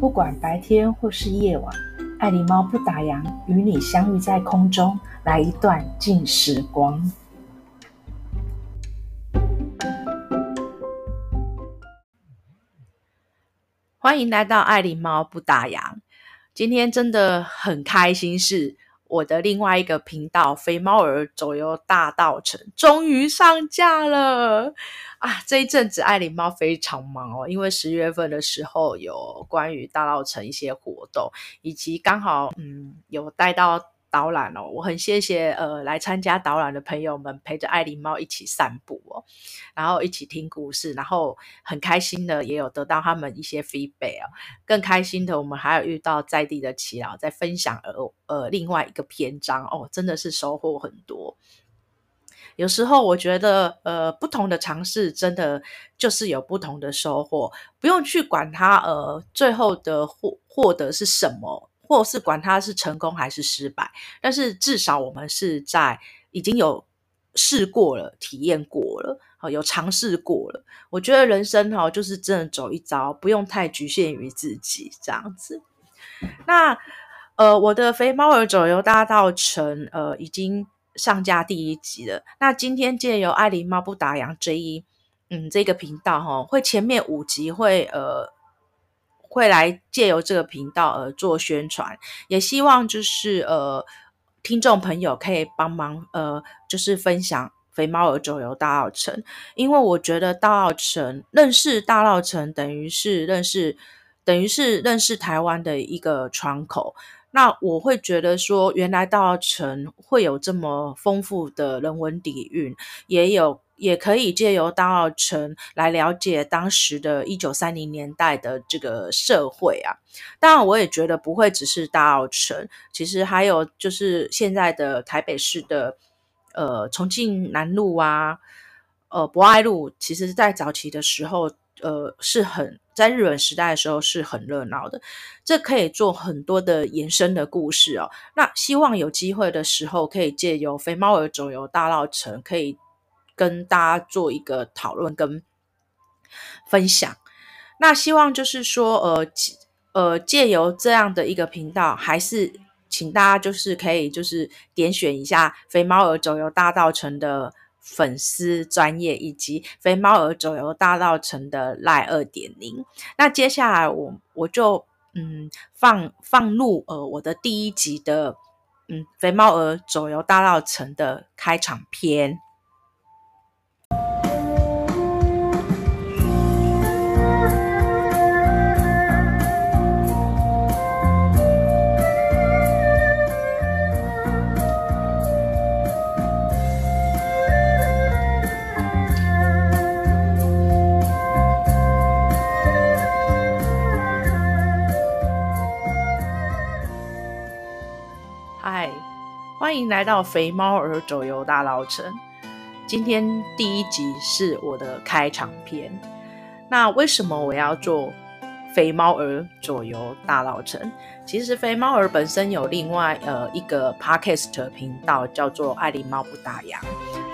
不管白天或是夜晚，艾琳貓不打烊，與你相遇在空中，來一段靜時光。歡迎來到艾琳貓不打烊，今天真的很開心，是。我的另外一個頻道“肥貓兒走遊大稻埕”終於上架了啊！這一陣子艾琳貓非常忙哦，因為十月份的時候有關於大稻埕一些活動，以及剛好嗯有帶到。導覽哦，我很謝謝呃來參加導覽的朋友們，陪着艾琳貓一起散步哦，然後一起聽故事，然後很開心的也有得到他們一些 feedback 哦。更開心的，我們還有遇到在地的耆老，在分享呃呃另外一個篇章哦，真的是收穫很多。有時候我覺得呃不同的嘗試，真的就是有不同的收穫，不用去管它呃最後的獲獲得是什麼。或是管他是成功還是失敗，但是至少我們是在已經有試過了、體驗過了、好、哦、有嘗試過了。我覺得人生哈、哦，就是真的走一遭，不用太局限於自己這樣子。那呃，我的《肥貓兒走遊大稻埕》呃已經上架第一集了。那今天借由艾琳貓不打烊這一嗯這個頻道哈、哦，會前面五集會呃。會來借由這個頻道而做宣傳，也希望就是呃，聽眾朋友可以幫忙呃，就是分享《肥貓兒走遊大稻埕》，因為我覺得大稻埕認識大稻埕，等於是認識，等於是認識台灣的一個窗口。那我會覺得說，原來大稻埕會有這麼豐富的人文底蘊，也有也可以借由大稻埕來了解當時的一九三零年代的這個社會啊。當然，我也覺得不會只是大稻埕，其實還有就是現在的台北市的呃重慶南路啊，呃博愛路，其實在早期的時候。呃，是很在日本時代的時候是很熱鬧的，這可以做很多的延伸的故事哦。那希望有機會的時候，可以借由《肥貓兒走遊大稻埕》，可以跟大家做一個討論跟分享。那希望就是說，呃，呃，借由這樣的一個頻道，還是請大家就是可以就是點選一下《肥貓兒走遊大稻埕》的。粉絲專頁以及《肥貓兒走遊大稻埕的賴2.0，那接下來，我我就嗯放放入呃我的第一集的嗯《肥貓兒走遊大稻埕的開場篇。歡迎來到《肥貓兒走遊大稻埕》。今天第一集是我的開場篇。那為什麼我要做《肥貓兒走遊大稻埕》？其實《肥貓兒》本身有另外呃一個 podcast 頻道叫做《艾琳貓不打烊》，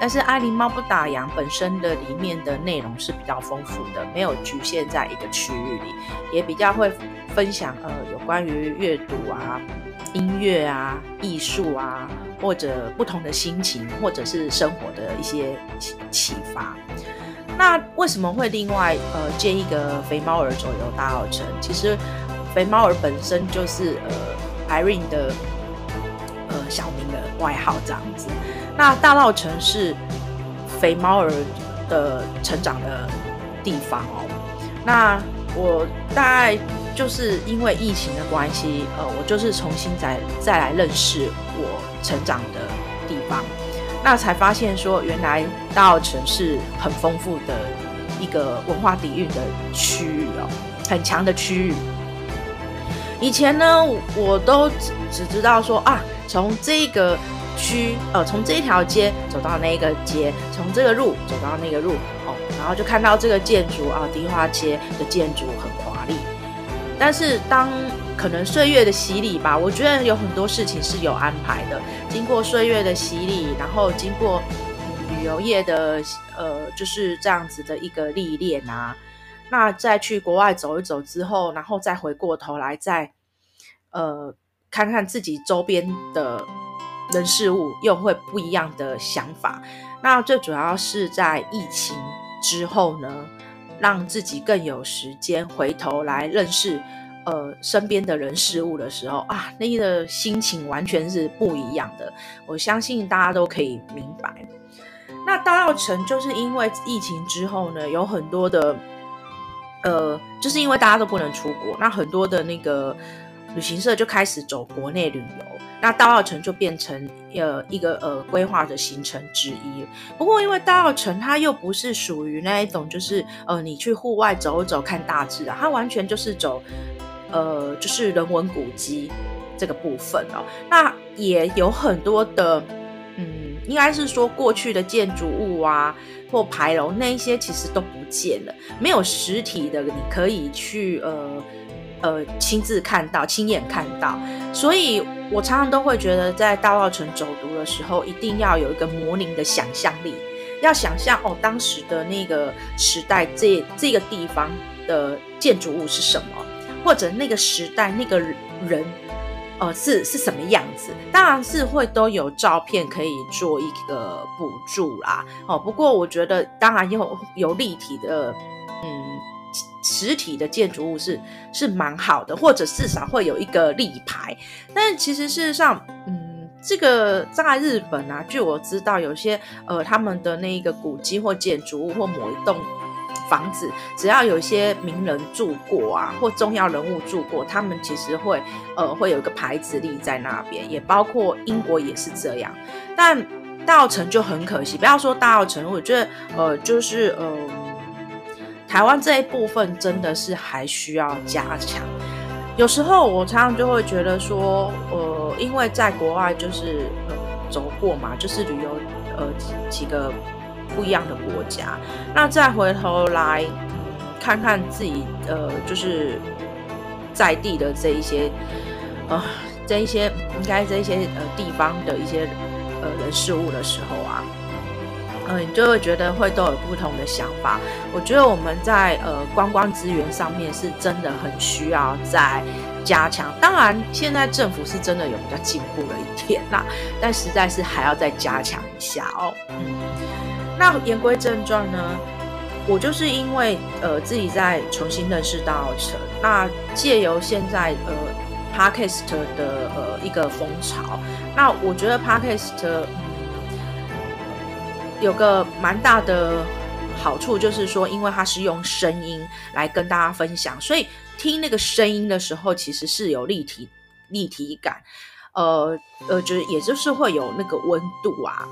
但是《艾琳貓不打烊》本身的裡面的內容是比較豐富的，沒有局限在一個區域裡，也比較會分享呃有關於閱讀啊。音樂啊，藝術啊，或者不同的心情，或者是生活的一些啟，啟發。那為什麼會另外呃建一個肥貓兒走遊大稻埕？其實肥貓兒本身就是呃 Irene 的呃小名的外號這樣子。那大稻埕是肥貓兒的成長的地方。哦。那我大概。就是因為疫情的關係，呃，我就是重新再再來認識我成長的地方，那才發現說，原來大稻埕是很豐富的一個文化底蘊的區域哦，很強的區域。以前呢，我都只只知道說啊，從這個區，呃，從這條街走到那個街，從這個路走到那個路，哦，然後就看到這個建築啊，迪化街的建築很。但是，當可能歲月的洗禮吧，我覺得有很多事情是有安排的。經過歲月的洗禮，然後經過旅遊業的呃，就是這樣子的一個歷練啊。那再去國外走一走之後，然後再回過頭來再呃看看自己周邊的人事物，又會不一樣的想法。那最主要是在疫情之後呢，讓自己更有時間回頭來認識，呃，身邊的人事物的時候啊，那個心情完全是不一樣的。我相信大家都可以明白。那大稻埕就是因為疫情之後呢，有很多的，呃，就是因為大家都不能出國，那很多的那個。旅行社就開始走國內旅遊，那大稻埕就變成呃一個呃規劃的行程之一。不過因為大稻埕它又不是屬於那一種，就是呃你去戶外走走看大自然啊，它完全就是走呃就是人文古蹟這個部分哦。那也有很多的嗯，應該是說過去的建築物啊或牌樓那一些其實都不見了，沒有實體的，你可以去呃。呃，親自看到，親眼看到，所以我常常都會覺得，在大稻埕走讀的時候，一定要有一個模擬的想象力，要想象哦，當時的那個時代這，這這個地方的建築物是什麼，或者那個時代那個人，呃是是什麼樣子？當然是會都有照片可以做一個補助啦。哦，不過我覺得，當然又有，有立體的，嗯。實體的建築物是是蠻好的，或者至少會有一個立牌。但其實事實上，嗯，這個在日本啊，據我知道，有些呃他們的那一個古蹟或建築物或某一棟房子，只要有一些名人住過啊，或重要人物住過，他們其實會呃會有一個牌子立在那邊。也包括英國也是這樣。但大稻埕就很可惜，不要說大稻埕，我覺得呃就是呃。台灣這一部分真的是還需要加強。有時候我常常就會覺得說，呃，因為在國外就是，呃，走過嘛，就是旅遊呃幾，幾個不一樣的國家，那再回頭來看看自己呃就是在地的這一些呃這一些應該這一些呃地方的一些呃人事物的時候。呃，你就會覺得會都有不同的想法。我覺得我們在呃觀光資源上面是真的很需要再加強。當然，現在政府是真的有比較進步了一點，啊，啦，但實在是還要再加強一下哦。嗯，那言歸正傳呢，我就是因為呃自己在重新認識大稻埕，那借由現在呃 Podcast 的呃一個風潮，那我覺得 Podcast。有個蠻大的好處，就是說，因為它是用聲音來跟大家分享，所以聽那個聲音的時候，其實是有立體立體感，呃呃，就是也就是會有那個溫度啊。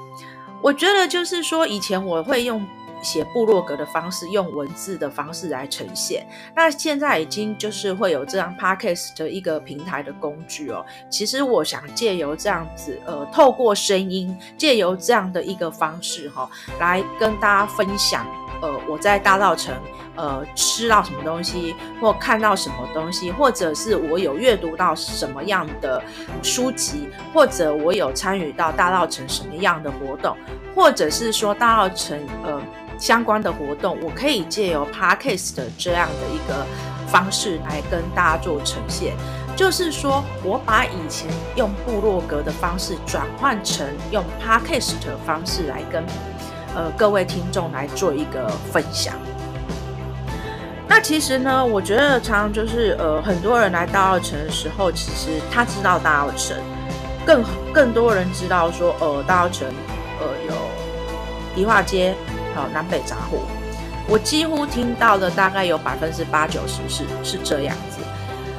我覺得就是說，以前我會用。寫部落格的方式，用文字的方式來呈現。那現在已經就是會有這樣 podcast 的一個平台的工具哦。其實我想借由這樣子，呃，透過聲音，借由這樣的一個方式哈、哦，來跟大家分享，呃，我在大稻埕，呃，吃到什麼東西，或看到什麼東西，或者是我有閱讀到什麼樣的書籍，或者我有參與到大稻埕什麼樣的活動，或者是說大稻埕，呃。相關的活動，我可以借由 Podcast 這樣的一個方式來跟大家做呈現，就是說我把以前用部落格的方式轉換成用 Podcast 的方式來跟、呃、各位聽眾來做一個分享。那其實呢，我覺得常常就是呃很多人來大稻埕的時候，其實他知道大稻埕，更更多人知道說呃大稻埕呃有迪化街。好，南北雜貨，我幾乎聽到的大概有百分之八九十是是這樣子。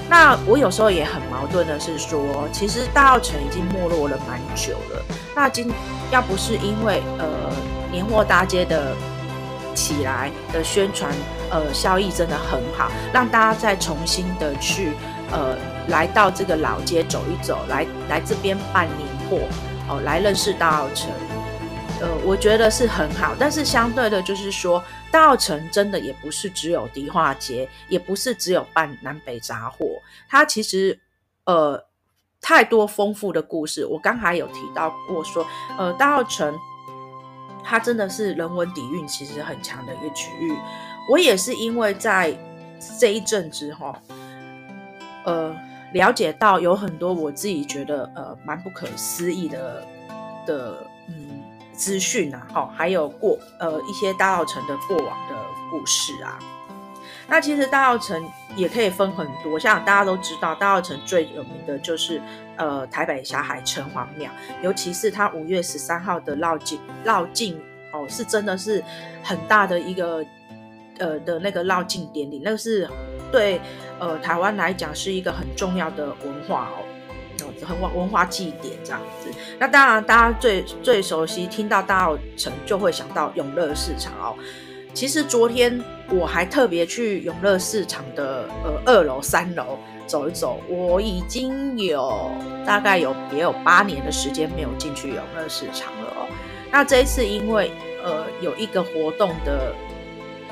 那我有時候也很矛盾的是說，其實大稻埕已經沒落了蠻久了。那今要不是因為呃年貨大街的起來的宣傳，呃效益真的很好，讓大家再重新的去呃來到這個老街走一走，來來這邊辦年貨，哦、呃，來認識大稻埕。呃，我覺得是很好，但是相對的，就是說，大稻埕真的也不是只有迪化街，也不是只有辦南北雜貨，它其實，呃，太多豐富的故事。我剛才有提到過，說，呃，大稻埕，它真的是人文底蘊其實很強的一個區域。我也是因為在這一陣子哈、哦，呃，了解到有很多我自己覺得，呃，蠻不可思議的的。資訊啊，好、哦，還有過呃一些大稻埕的過往的故事啊。那其實大稻埕也可以分很多，像大家都知道大稻埕最有名的就是呃台北霞海城隍廟，尤其是它五月十三號的繞境繞境哦，是真的是很大的一個呃的那個繞境典禮，那個是對呃台灣來講是一個很重要的文化哦。很文文化祭典這樣子，那當然大家最最熟悉聽到大稻埕就會想到永樂市場哦。其實昨天我還特別去永樂市場的呃二樓、三樓走一走，我已經有大概有也有八年的時間沒有進去永樂市場了哦。那這一次因為呃有一個活動的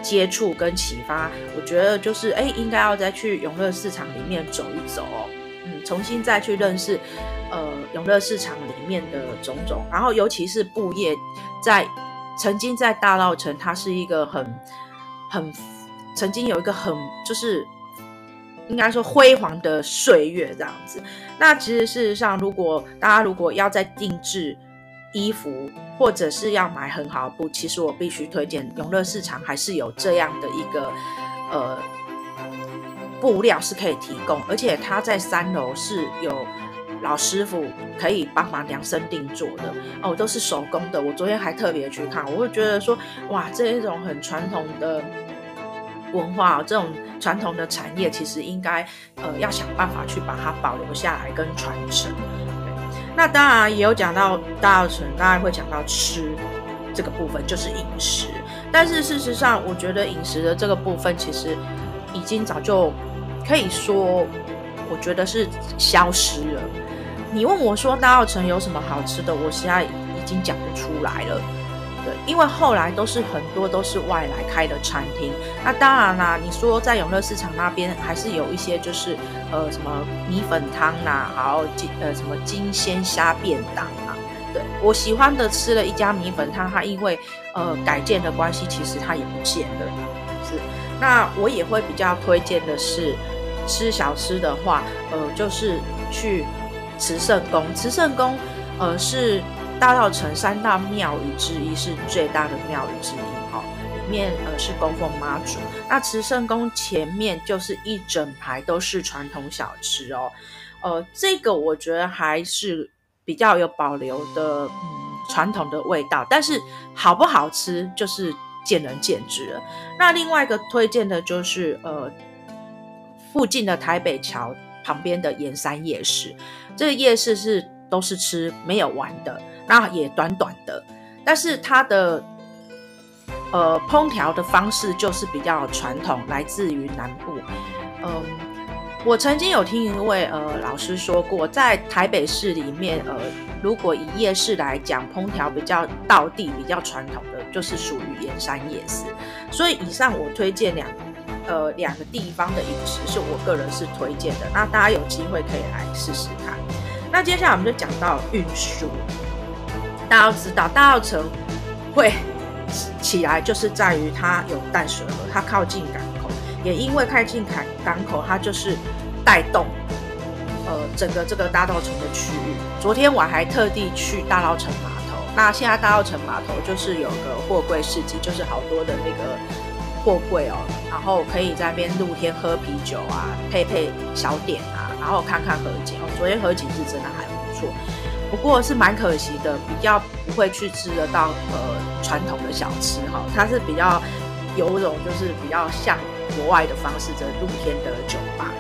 接觸跟啟發，我覺得就是哎，欸，應該要再去永樂市場裡面走一走哦。重新再去認識，呃，永樂市場裡面的種種，然後尤其是布業，在曾經在大稻埕，它是一個很很曾經有一個很就是應該說輝煌的歲月這樣子。那其實事實上，如果大家如果要再訂製衣服，或者是要買很好的布，其實我必須推薦永樂市場還是有這樣的一個呃。布料是可以提供，而且它在三樓是有老師傅，可以幫忙量身定做的哦，都是手工的。我昨天還特別去看，我會覺得說，哇，這一種很傳統的文化，哦、這種傳統的產業其實應該呃要想辦法去把它保留下來跟傳承。對，那當然也有講到大稻埕，大家會講到吃這個部分，就是飲食。但是事實上，我覺得飲食的這個部分其實。已經早就可以說，我覺得是消失了。你問我說，大稻埕有什麼好吃的，我現在已經講不出來了。對，因為後來都是很多都是外來開的餐廳。那當然啦，你說在永樂市場那邊還是有一些，就是呃什麼米粉湯啦、啊，然後金呃什麼金鮮蝦便當啊。對我喜歡的吃了一家米粉湯，它因為呃改建的關係，其實它也不見了。那我也會比較推薦的是吃小吃的話，呃，就是去慈聖宮。慈聖宮，呃，是大稻埕三大廟宇之一，是最大的廟宇之一，哦。哈，裡面呃是供奉媽祖。那慈聖宮前面就是一整排都是傳統小吃哦。呃，這個我覺得還是比較有保留的，嗯，傳統的味道。但是好不好吃，就是。見仁見智了，那另外一個推薦的就是呃，附近的台北橋旁邊的延山夜市，這個夜市是都是吃沒有玩的，那也短短的，但是它的呃烹調的方式就是比較傳統，來自於南部，嗯、呃。我曾經有聽一位呃老師說過，在台北市裡面，呃，如果以夜市來講，烹調比較道地、比較傳統的，就是屬於延三夜市。所以以上我推薦兩呃兩個地方的飲食，是我個人是推薦的。那大家有機會可以來試試看。那接下來我們就講到運輸，大家要知道大稻埕會起來，就是在於它有淡水河，它靠近港。也因為靠近海港口，它就是帶動呃整個這個大稻埕的區域。昨天我還特地去大稻埕碼頭，那現在大稻埕碼頭就是有個貨櫃市集，就是好多的那個貨櫃哦，然後可以在那邊露天喝啤酒啊，配配小點啊，然後看看河景哦。昨天河景是真的還不錯，不過是蠻可惜的，比較不會去吃得到呃傳統的小吃哈、哦，它是比較有一種就是比較像。國外的方式，這露天的酒吧，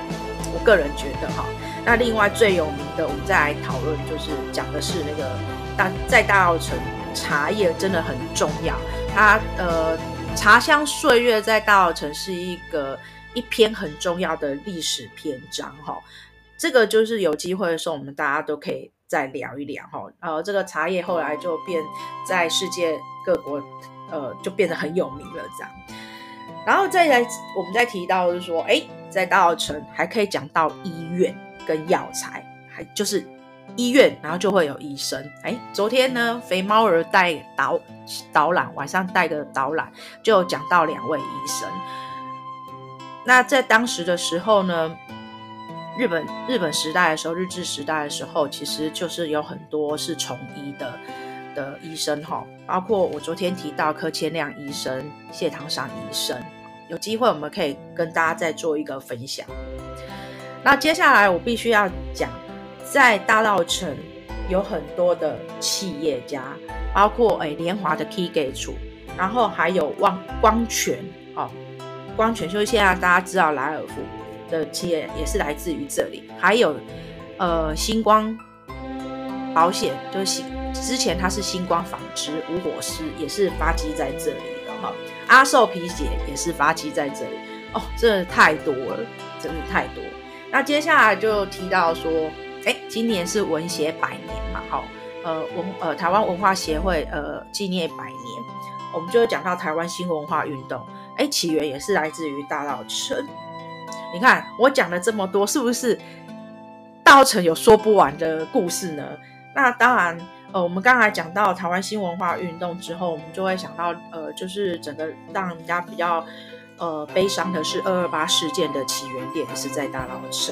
我個人覺得哈。那另外最有名的，我們再來討論，就是講的是那個大在大稻埕，茶葉真的很重要。它呃，茶香歲月在大稻埕是一個一篇很重要的歷史篇章哈。這個就是有機會的時候，我們大家都可以再聊一聊哈。呃，這個茶葉後來就變在世界各國，呃，就變得很有名了這樣。然後再來，我們再提到就是說，哎，在大稻埕還可以講到醫院跟藥材，還就是醫院，然後就會有醫生。哎，昨天呢，肥貓兒帶導導覽，導覽，晚上帶個導覽，就有講到兩位醫生。那在當時的時候呢，日本日本時代的時候，日治時代的時候，其實就是有很多是從醫的。的醫生哈、哦，包括我昨天提到柯千亮醫生、謝唐山醫生，有機會我們可以跟大家再做一個分享。那接下來我必須要講，在大稻埕有很多的企業家，包括哎聯華的 Keygate，然後還有望光泉哦，光泉就是現在大家知道萊爾富的企業也是來自於這裡，還有呃星光保險，就是之前他是星光紡織吳火獅，也是發跡在這裡的哈、哦，阿瘦皮鞋也是發跡在這裡哦，這太多了，真的太多。那接下來就提到說，哎、欸，今年是文協百年嘛，哈、哦，呃文呃台灣文化協會呃紀念百年，我們就會講到台灣新文化運動，哎、欸，起源也是來自於大稻埕。你看我講了這麼多，是不是大稻埕有說不完的故事呢？那當然。呃，我們剛才講到台灣新文化運動之後，我們就會想到，呃，就是整個讓人家比較，呃，悲傷的是二二八事件的起源點是在大稻埕，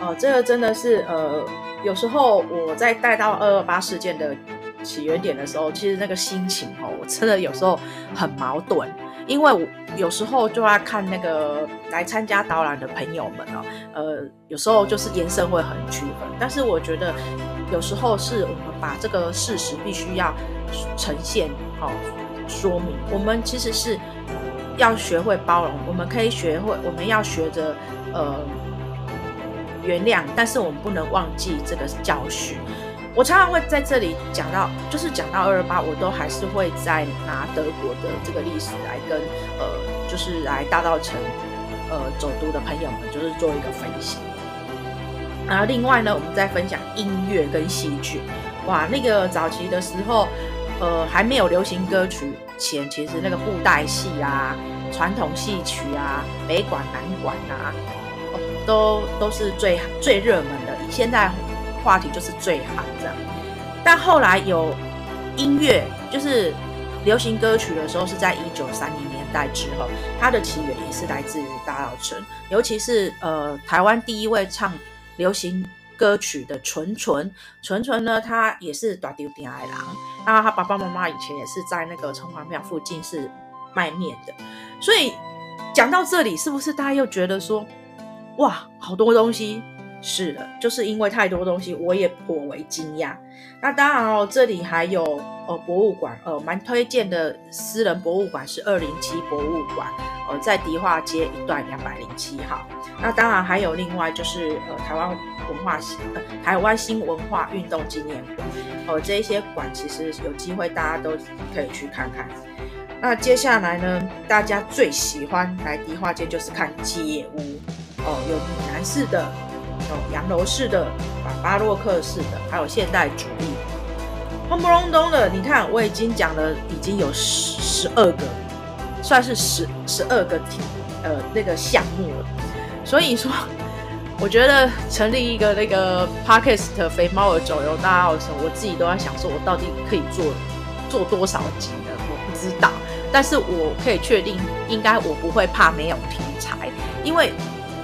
呃，這個真的是，呃，有時候我在帶到二二八事件的起源點的時候，其實那個心情哦，我真的有時候很矛盾，因為我有時候就要看那個來參加導覽的朋友們哦，呃，有時候就是延伸會很區分，但是我覺得。有時候是我們把這個事實必須要呈現，好、呃、說明。我們其實是要學會包容，我們可以學會，我們要學着呃原諒，但是我們不能忘記這個教訓。我常常會在這裡講到，就是講到二二八，我都還是會再拿德國的這個歷史來跟呃，就是來大稻埕呃走讀的朋友們，就是做一個分析。然後、啊、另外呢，我們再分享音樂跟戲劇，哇，那個早期的時候，呃，還沒有流行歌曲前，其實那個布袋戲啊、傳統戲曲啊、北管、南管啊，哦、都都是最最熱門的。現在話題就是最夯這樣。但後來有音樂，就是流行歌曲的時候，是在一九三零年代之後，它的起源也是來自於大稻埕，尤其是呃，台灣第一位唱。流行歌曲的純純純純呢，他也是大稻埕的人。那他爸爸媽媽以前也是在那個城隍廟附近是賣麵的，所以講到這裡，是不是大家又覺得說，哇，好多東西？是的，就是因為太多東西，我也頗為驚訝。那當然哦，這裡還有呃博物館，呃蠻推薦的私人博物館是二零七博物館，呃在迪化街一段兩百零七號。那當然還有另外就是呃台灣文化新、呃，台灣新文化運動紀念館，呃這一些館其實有機會大家都可以去看看。那接下來呢，大家最喜歡來迪化街就是看街屋，哦、呃、有閩南式的。洋樓式的，啊，巴洛克式的，還有現代主義，轟不隆咚的。你看，我已經講了已經有十十二個，算是十十二個題，呃，那個項目了。所以說，我覺得成立一個那個 podcast《肥貓兒走遊大稻埕》，我自己都在想，說我到底可以做做多少集的，我不知道，但是我可以確定，應該我不會怕沒有題材，因為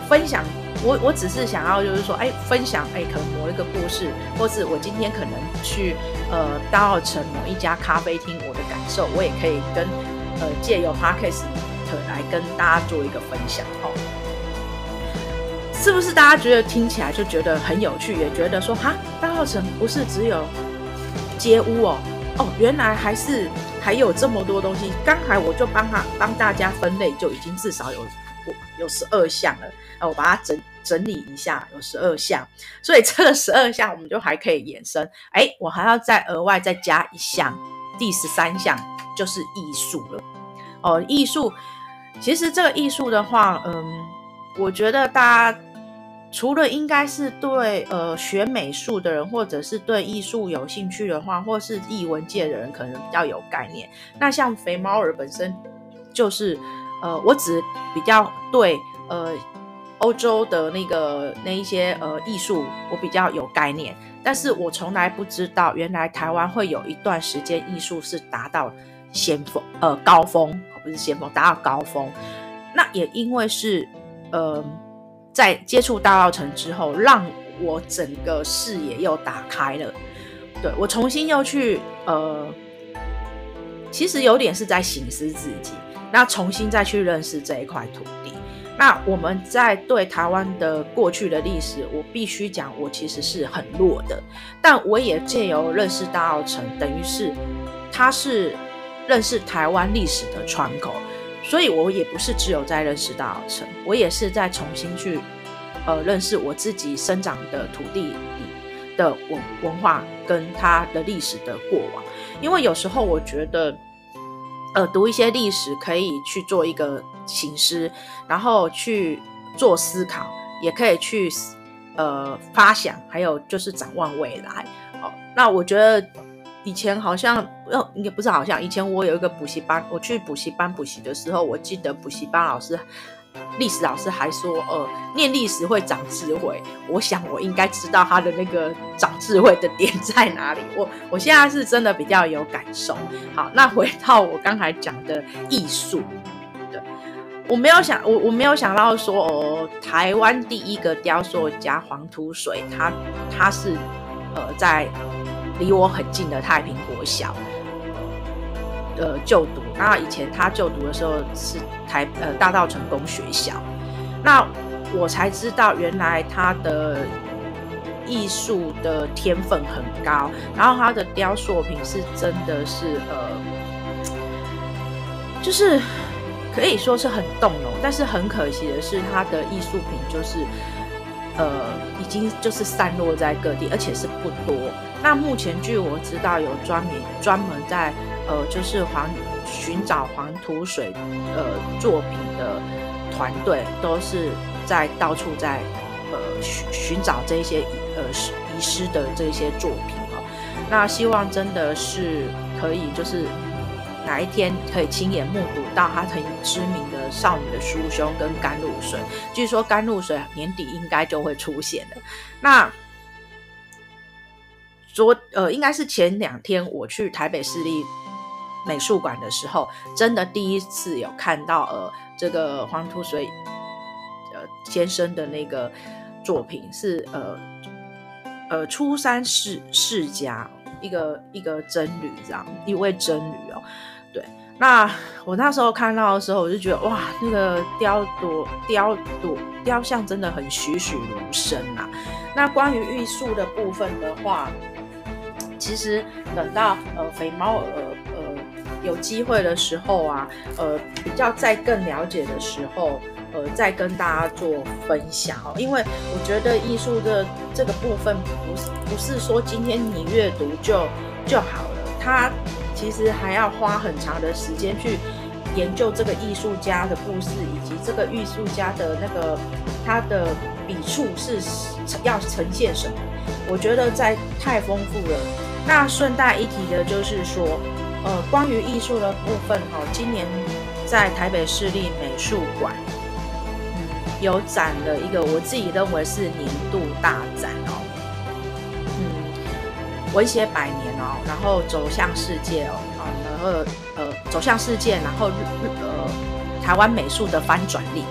分享。我我只是想要，就是說，哎，分享，哎，可能某一個故事，或是我今天可能去，呃，大稻埕某一家咖啡廳，我的感受，我也可以跟，呃，借由 Podcast 來跟大家做一個分享，哦。是不是大家覺得聽起來就覺得很有趣，也覺得說，哈，大稻埕不是只有街屋哦，哦，原來還是還有這麼多東西。剛才我就幫他幫大家分類，就已經至少有。有十二項了，我把它整整理一下，有十二項，所以這個十二項我們就還可以衍生，哎、欸，我還要再額外再加一項，第十三項就是藝術了，哦、呃，藝術，其實這個藝術的話，嗯，我覺得大家除了應該是對呃學美術的人，或者是對藝術有興趣的話，或是藝文界的人可能比較有概念，那像肥貓兒本身就是。呃，我只比較對呃歐洲的那個那一些呃藝術，我比較有概念，但是我從來不知道原來台灣會有一段時間藝術是達到先鋒呃高峰，不是先鋒，達到高峰。那也因為是呃在接觸大稻埕之後，讓我整個視野又打開了，對，我重新又去呃。其實有點是在省思自己，那重新再去認識這一塊土地。那我們在對台灣的過去的歷史，我必須講，我其實是很弱的。但我也借由認識大稻埕，等於是它是認識台灣歷史的窗口。所以我也不是只有在認識大稻埕，我也是在重新去呃認識我自己生長的土地裡的文文化跟它的歷史的過往。因為有時候我覺得，呃，讀一些歷史可以去做一個省思，然後去做思考，也可以去呃發想，還有就是展望未來。哦，那我覺得以前好像哦，也不是好像，以前我有一個補習班，我去補習班補習的時候，我記得補習班老師。歷史老師還說，呃，念歷史會長智慧。我想，我應該知道他的那個長智慧的點在哪裡。我，我現在是真的比較有感受。好，那回到我剛才講的藝術，對，我沒有想，我我沒有想到說，哦、呃，台灣第一個雕塑家黃土水，他他是，呃，在離我很近的太平國小的，的，呃，就讀。那以前他就讀的時候是台呃大道成功學校，那我才知道原來他的藝術的天分很高，然後他的雕塑品是真的是呃，就是可以說是很動容，但是很可惜的是他的藝術品就是。呃，已經就是散落在各地，而且是不多。那目前據我知道，有專門專門在呃，就是黃尋找黃土水呃作品的團隊，都是在到處在呃尋尋找這些呃遺失的這些作品哦。那希望真的是可以就是。哪一天可以親眼目睹到他很知名的少女的酥胸跟甘露水？據說甘露水年底應該就會出現了。那昨呃，應該是前兩天我去台北市立美術館的時候，真的第一次有看到呃這個黃土水、呃、先生的那個作品，是呃呃出山釋迦一個一個真女這樣一位真女哦。那我那時候看到的時候，我就覺得哇，那個雕朵雕朵雕像真的很栩栩如生啊。那關於藝術的部分的話，其實等到呃肥貓呃呃有機會的時候啊，呃比較再更了解的時候，呃再跟大家做分享哦。因為我覺得藝術的這個部分不，不不是說今天你閱讀就就好了，它。其實還要花很長的時間去研究這個藝術家的故事，以及這個藝術家的那個他的筆觸是要呈現什麼。我覺得在太豐富了。那順帶一提的就是說，呃，關於藝術的部分哈、哦，今年在台北市立美術館，嗯，有展了一個我自己認為是年度大展哦。文協百年哦，然後走向世界哦，啊，然後呃走向世界，然後日日呃台灣美術的翻轉力，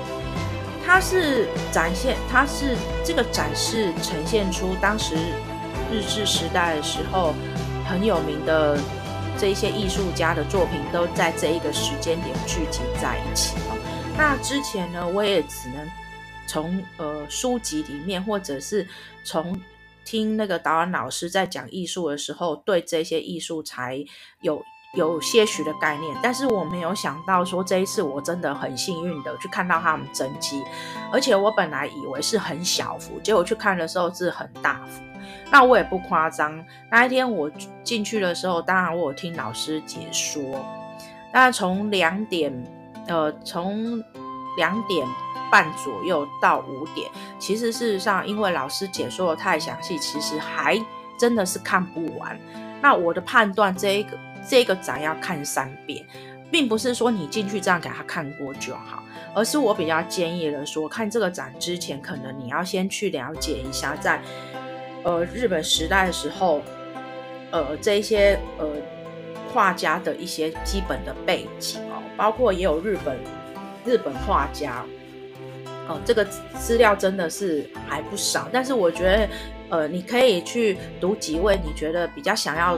它是展現，它是這個展示呈現出當時日治時代的時候很有名的這些藝術家的作品都在這一個時間點聚集在一起哦。那之前呢，我也只能從呃書籍裡面或者是從。聽那個導演老師在講藝術的時候，對這些藝術才有有些許的概念。但是我沒有想到說，這一次我真的很幸運的去看到他們真跡，而且我本來以為是很小幅，結果去看的時候是很大幅。那我也不誇張，那一天我進去的時候，當然我有聽老師解說，那從兩點，呃，從。兩點半左右到五點，其實事實上，因為老師解說的太詳細，其實還真的是看不完。那我的判斷這一個，這個這個展，要看三遍，並不是說你進去這樣給他看過就好，而是我比較建議的說，看這個展之前，可能你要先去了解一下在，在呃日本時代的時候，呃這一些呃畫家的一些基本的背景哦，包括也有日本。日本畫家，哦、呃，這個資料真的是還不少，但是我覺得，呃，你可以去讀幾位你覺得比較想要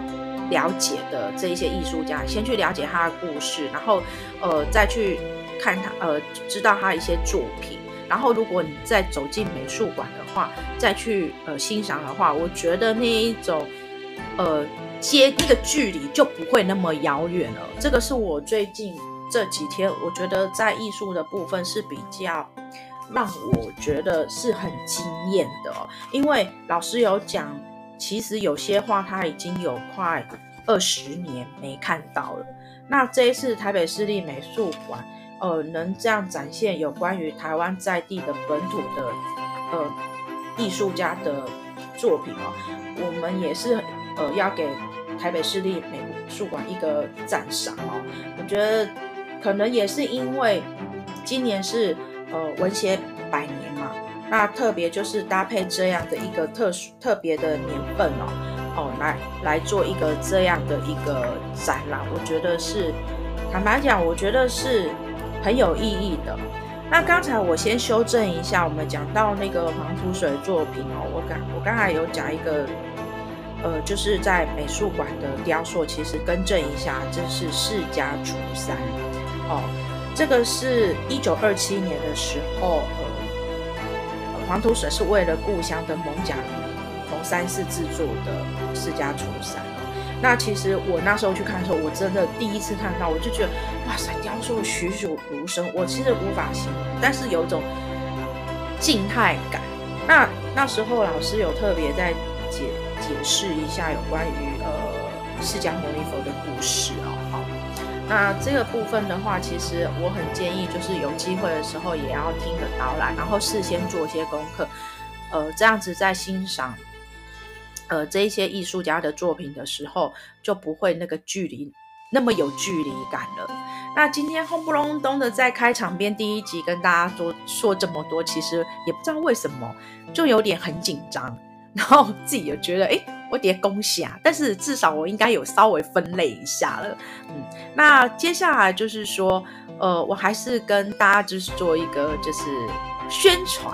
了解的這一些藝術家，先去了解他的故事，然後，呃，再去看他，呃，知道他一些作品，然後如果你再走進美術館的話，再去呃欣賞的話，我覺得那一種，呃，接那個距離就不會那麼遙遠了。這個是我最近。這幾天，我覺得在藝術的部分是比較讓我覺得是很驚艷的，哦，因為老師有講，其實有些畫，他已經有快二十年沒看到了。那這一次台北市立美術館，呃，能這樣展現有關於台灣在地的本土的呃藝術家的作品哦，我們也是呃要給台北市立美術館一個讚賞哦。我覺得。可能也是因為今年是呃文協百年嘛，那特別就是搭配這樣的一個特殊特別的年份哦、喔，哦、喔、來來做一個這樣的一個展覽，我覺得是坦白講，我覺得是很有意義的。那剛才我先修正一下，我們講到那個黃土水作品哦、喔，我剛我剛才有講一個呃就是在美術館的雕塑，其實更正一下，這是釋迦出山。哦，這個是一九二七年的時候呃，呃，黃土水是為了故鄉的艋舺龍山寺制作的釋迦出山。那其實我那時候去看的時候，我真的第一次看到，我就覺得，哇塞，雕塑栩栩如生，我其實無法形容，但是有一種靜態感。那那時候老師有特別在解解釋一下有關於呃釋迦牟尼佛的故事哦。那這個部分的話，其實我很建議，就是有機會的時候也要聽個導覽，然後事先做些功課，呃，這樣子在欣賞，呃，這一些藝術家的作品的時候，就不會那個距離那麼有距離感了。那今天轟不隆咚的在開場邊第一集跟大家說說這麼多，其實也不知道為什麼，就有點很緊張。然後自己又覺得，哎，我點恭喜啊！但是至少我應該有稍微分類一下了，嗯。那接下來就是說，呃，我還是跟大家就是做一個就是宣傳，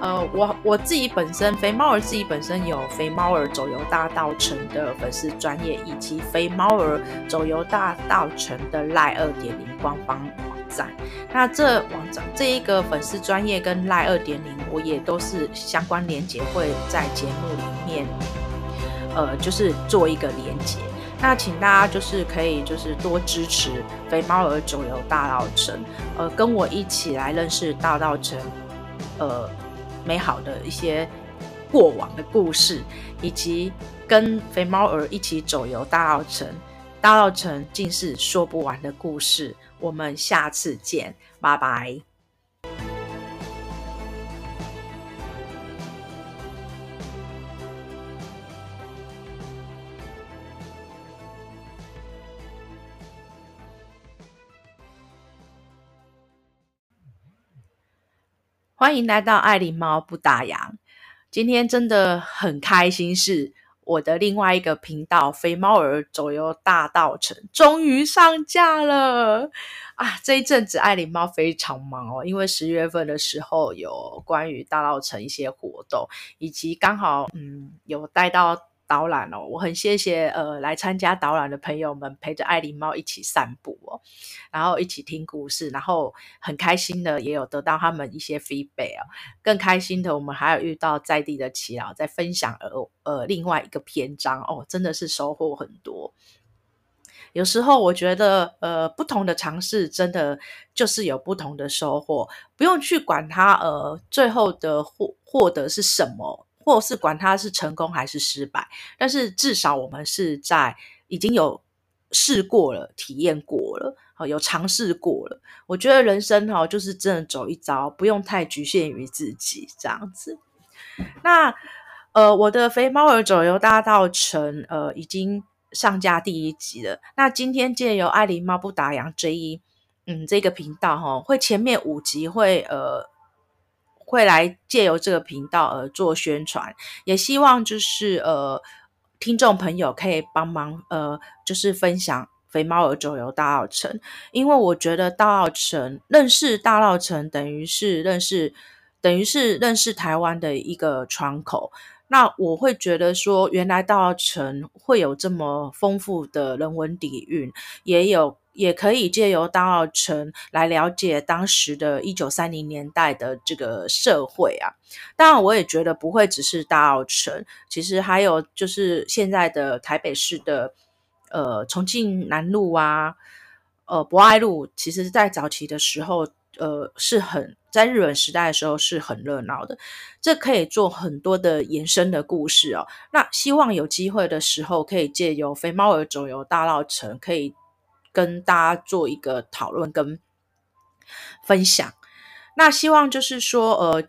呃，我我自己本身肥貓兒自己本身有肥貓兒走遊大稻埕的粉絲專頁，以及肥貓兒走遊大稻埕的賴二點零官方。展，那這網站這一個粉絲專頁、跟 Line 2.0，我也都是相關連接，會在節目裡面，呃，就是做一個連接。那請大家就是可以就是多支持肥貓兒走遊大稻埕，呃，跟我一起來認識大稻埕，呃，美好的一些過往的故事，以及跟肥貓兒一起走遊大稻埕，大稻埕盡是說不完的故事。我們下次見，拜拜！歡迎來到艾琳貓不打烊，今天真的很開心是。我的另外一個頻道“肥貓兒走遊大稻埕”終於上架了啊！這一陣子艾琳貓非常忙哦，因為十月份的時候有關於大稻埕一些活動，以及剛好嗯有帶到。導覽哦，我很謝謝呃來參加導覽的朋友們，陪着艾琳貓一起散步哦，然後一起聽故事，然後很開心的也有得到他們一些 feedback 哦。更開心的，我們還有遇到在地的耆老在分享呃呃另外一個篇章哦，真的是收穫很多。有時候我覺得呃不同的嘗試真的就是有不同的收穫，不用去管它呃最後的獲獲得是什麼。或是管他是成功還是失敗，但是至少我們是在已經有試過了、體驗過了、哦、有嘗試過了。我覺得人生哈、哦，就是真的走一遭，不用太局限於自己這樣子。那呃，我的《肥貓兒走遊大稻埕》呃已經上架第一集了。那今天借由艾琳貓不打烊這一嗯這個頻道哈、哦，會前面五集會呃。會來借由這個頻道而做宣傳，也希望就是呃，聽眾朋友可以幫忙呃，就是分享《肥貓兒走遊大稻埕》，因為我覺得大稻埕認識大稻埕，等於是認識，等於是認識台灣的一個窗口。那我會覺得說，原來大稻埕會有這麼豐富的人文底蘊，也有也可以借由大稻埕來了解當時的一九三零年代的這個社會啊。當然，我也覺得不會只是大稻埕，其實還有就是現在的台北市的呃重慶南路啊，呃博愛路，其實在早期的時候，呃是很。在日本時代的時候是很熱鬧的，這可以做很多的延伸的故事哦。那希望有機會的時候，可以借由《肥貓兒走遊大稻埕》，可以跟大家做一個討論跟分享。那希望就是說，呃，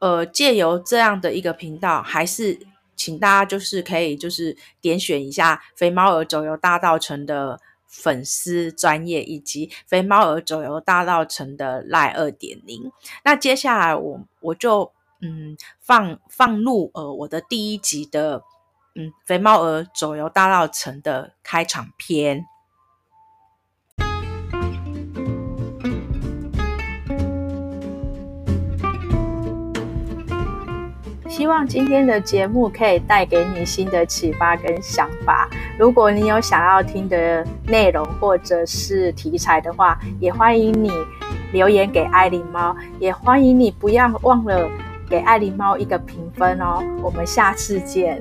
呃，借由這樣的一個頻道，還是請大家就是可以就是點選一下《肥貓兒走遊大稻埕》的。粉絲專頁以及《肥貓兒走遊大稻埕》的 LINE 二點零，那接下來我我就嗯放放入呃我的第一集的嗯《肥貓兒走遊大稻埕》的開場篇。希望今天的節目可以帶給你新的啟發跟想法。如果你有想要聽的內容或者是題材的話，也歡迎你留言給艾琳貓。也歡迎你不要忘了給艾琳貓一個評分哦。我們下次見。